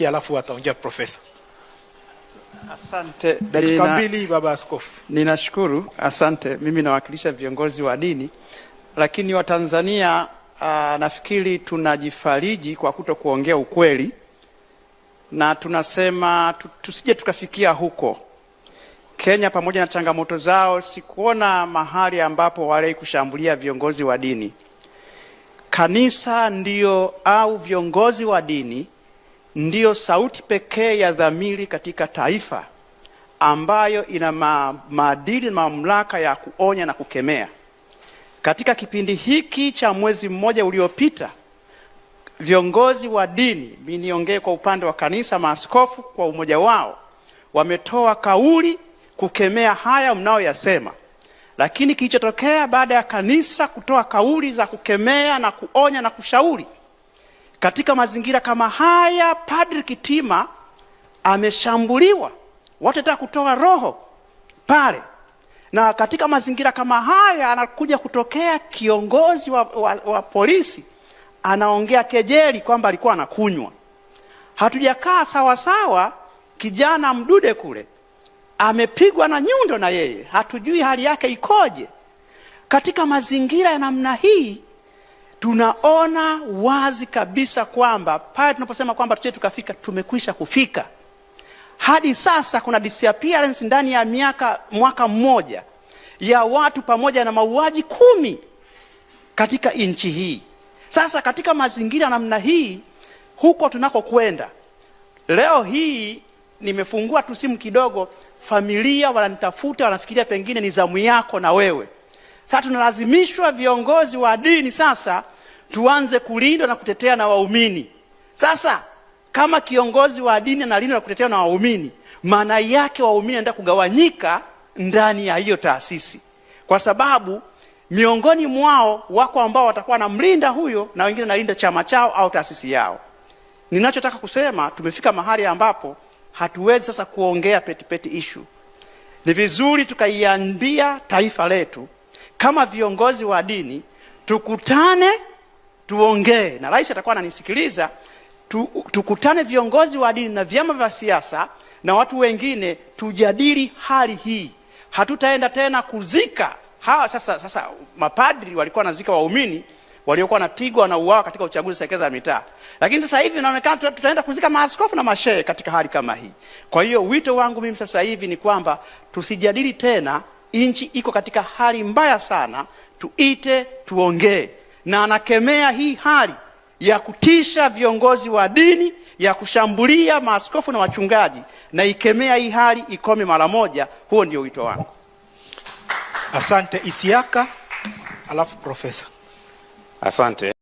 Alafu ataongea profesa. Asante, dakika mbili baba askofu. Ninashukuru, asante. Mimi nawakilisha viongozi wa dini, lakini Watanzania ah, nafikiri tunajifariji kwa kuto kuongea ukweli, na tunasema tusije tukafikia huko. Kenya pamoja na changamoto zao, sikuona mahali ambapo wale kushambulia viongozi wa dini. Kanisa ndio au viongozi wa dini ndiyo sauti pekee ya dhamiri katika taifa ambayo ina ma, maadili na mamlaka ya kuonya na kukemea. Katika kipindi hiki cha mwezi mmoja uliopita, viongozi wa dini, mimi niongee kwa upande wa kanisa, maaskofu kwa umoja wao wametoa kauli kukemea haya mnaoyasema, lakini kilichotokea baada ya kanisa kutoa kauli za kukemea na kuonya na kushauri katika mazingira kama haya, Padri Kitima ameshambuliwa, watu wanataka kutoa roho pale, na katika mazingira kama haya anakuja kutokea kiongozi wa, wa, wa polisi anaongea kejeli kwamba alikuwa anakunywa. Hatujakaa sawa sawa, kijana Mdude kule amepigwa na nyundo na yeye, hatujui hali yake ikoje. Katika mazingira ya namna hii tunaona wazi kabisa kwamba pale tunaposema kwamba tusije tukafika, tumekwisha kufika. Hadi sasa kuna disappearance ndani ya miaka mwaka mmoja ya watu pamoja na mauaji kumi katika nchi hii. Sasa katika mazingira namna hii, huko tunakokwenda leo hii, nimefungua tu simu kidogo, familia wananitafuta, wanafikiria pengine ni zamu yako na wewe. Sasa tunalazimishwa viongozi wa dini sasa tuanze kulindwa na kutetea na waumini. Sasa kama kiongozi wa dini analindwa na kutetea na waumini, maana yake waumini anaenda kugawanyika ndani ya hiyo taasisi, kwa sababu miongoni mwao wako ambao watakuwa namlinda huyo na wengine nalinda chama chao au taasisi yao. Ninachotaka kusema tumefika mahali ambapo hatuwezi sasa kuongea petipeti ishu. Ni vizuri tukaiambia taifa letu kama viongozi wa dini tukutane tuongee na rais atakuwa ananisikiliza tu, tukutane viongozi wa dini na vyama vya siasa na watu wengine tujadili hali hii. Hatutaenda tena kuzika hawa sasa. Sasa mapadri walikuwa wanazika waumini waliokuwa wanapigwa na uawa katika uchaguzi serikali za mitaa, lakini sasa hivi inaonekana tutaenda kuzika maaskofu na mashehe katika hali kama hii. Kwa hiyo wito wangu mimi sasa hivi ni kwamba tusijadili tena, nchi iko katika hali mbaya sana, tuite tuongee na anakemea hii hali ya kutisha viongozi wa dini ya kushambulia maaskofu na wachungaji, na ikemea hii hali ikome mara moja. Huo ndio wito wangu. Asante Isiaka, alafu profesa. Asante.